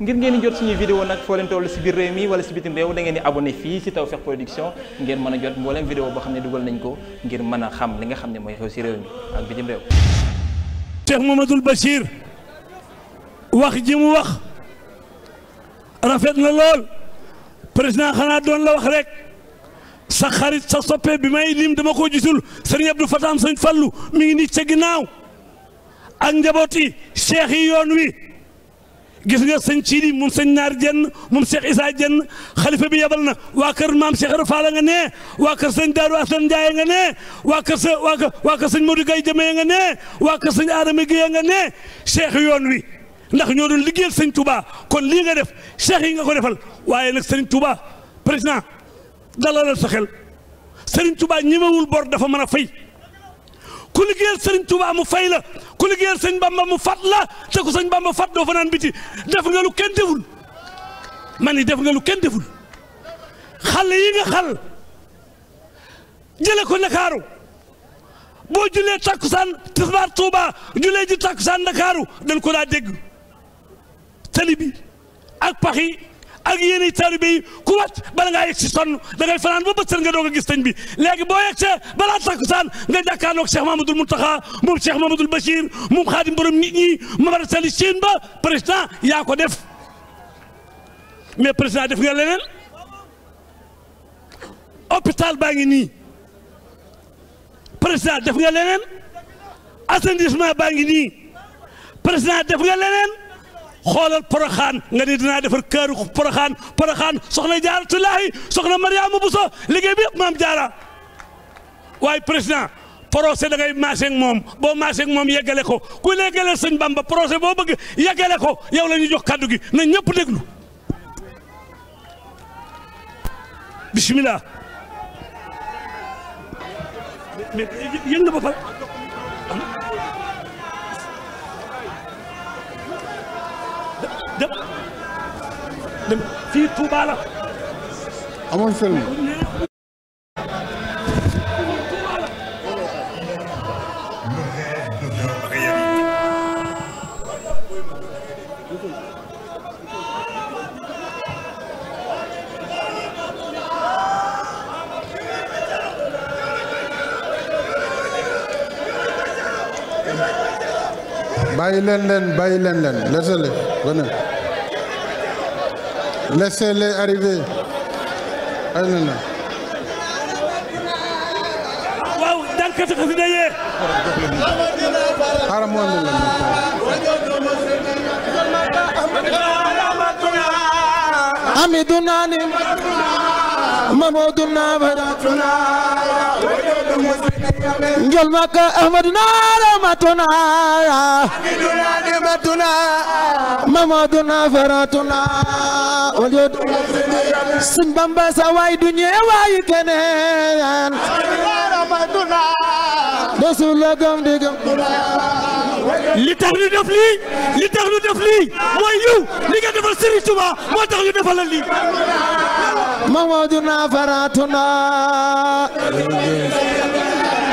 ngir ngeen di jot suñuy vidéo nag foo leen toll si biir réew mi wala si bitim réew da ngeen di abonné fii si Tawfekh Production ngeen mën a jot mbooleem vidéo boo xam ne dugal nañ ko ngir mën a xam li nga xam ne mooy xew si réew mi ak bitim réew Cheikh wax ji mu wax rafet na lool président xanaa doon la wax rek sa xarit sa soppe bi may lim dama ko gisul sëriñ Abdou sa sëñ Fallu mu ngi nii ca ginnaaw ak njabooti cheikh yi yoon wi gis nga sëñ Ciidi moom sëñ Naar Jenn moom Cheikh Isaa Jenn xalifa bi yebal na waa kër maam Cheikh Rafaala nga nee waa kër sëñ Daaru Asan Njaay nga nee waa kër sa waa kër waa kër nga ne waa kër sëñ Adama Guèye nga ne cheikh yoon wi ndax ñoo doon liggéeyal sëñ Touba kon lii nga def cheikh yi nga ko defal waaye nag sëñ Touba président dalalal sa xel sëriñ Touba ñemewul bor dafa mën a fay ku liggéeyal sëriñ Touba mu fay la ku liggéeyal sëñ bamba mu fat la te ku sëñ bamba fat doo fa naan def nga lu kenn deful ma ni def nga lu kenn deful xal yi nga xal jële ko ndakaaru boo julee takkusaan tisbaar Tuuba julee ji takkusaan ndakaaru dañ ko daa dégg tali bi ak pax ak yéeni taalibe yi ku wàcc bala ngaa yegg si sonn fanaan ba bët nga doog a gis sëñ bi léegi boo yegg see balaa takkusaan nga jàkkaarloog Cheikh Mamadou Mountakha moom Cheikh Mamadou Bachir moom xaadim borom nit ñi Mamara Sali Chine ba président yaa ko def mais président def nga leneen hôpital baa ngi nii président def nga leneen assainissement baa ngi nii président def nga leneen xoolal poroxaan nga ni dinaa defar këru poroxaan poroxaan soxna jaaratulaahi soxna Mariama Bousso liggéey bi yëpp maam jaara waaye président procès da ngay maaseeg moom boo maaseeg moom yeggale ko ku yeggale sëñ Bamba procès boo bëgg yeggale ko yow la ñu jox kàddu gi na ñëpp déglu bismillah dem dem fii Touba la. amoon sëriñ. bàyyi leen leen bàyyi leen leen laissez-les venez laissez-les arriver bàyyi leen leen waaw jànkati xasida yee xaaral moo leen leen محمود نبرتنا نجل مكة أحمدنا رحمتنا حميدنا نعمتنا محمود نبرتنا وليد سن بامبا سواي دنيا واي كنن رحمتنا رسول لكم ديكم li tax ñu def lii li tax ñu def lii mooy yow li nga defal Serigne Touba moo tax ñu defal lii موعدنا فراتنا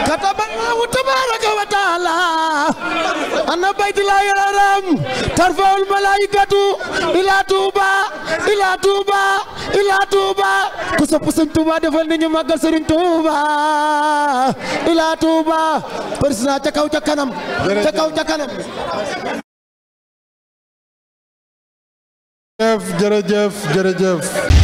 كتب الله تبارك وتعالى أن بيت الله الحرام ترفع الملائكة إلى توبة إلى توبة إلى توبة كسب سن توبة دفن نيو ماغال سيرن توبة إلى توبة برسنا تكاو تكنم تكاو تكنم jërëjëf jërëjëf jërëjëf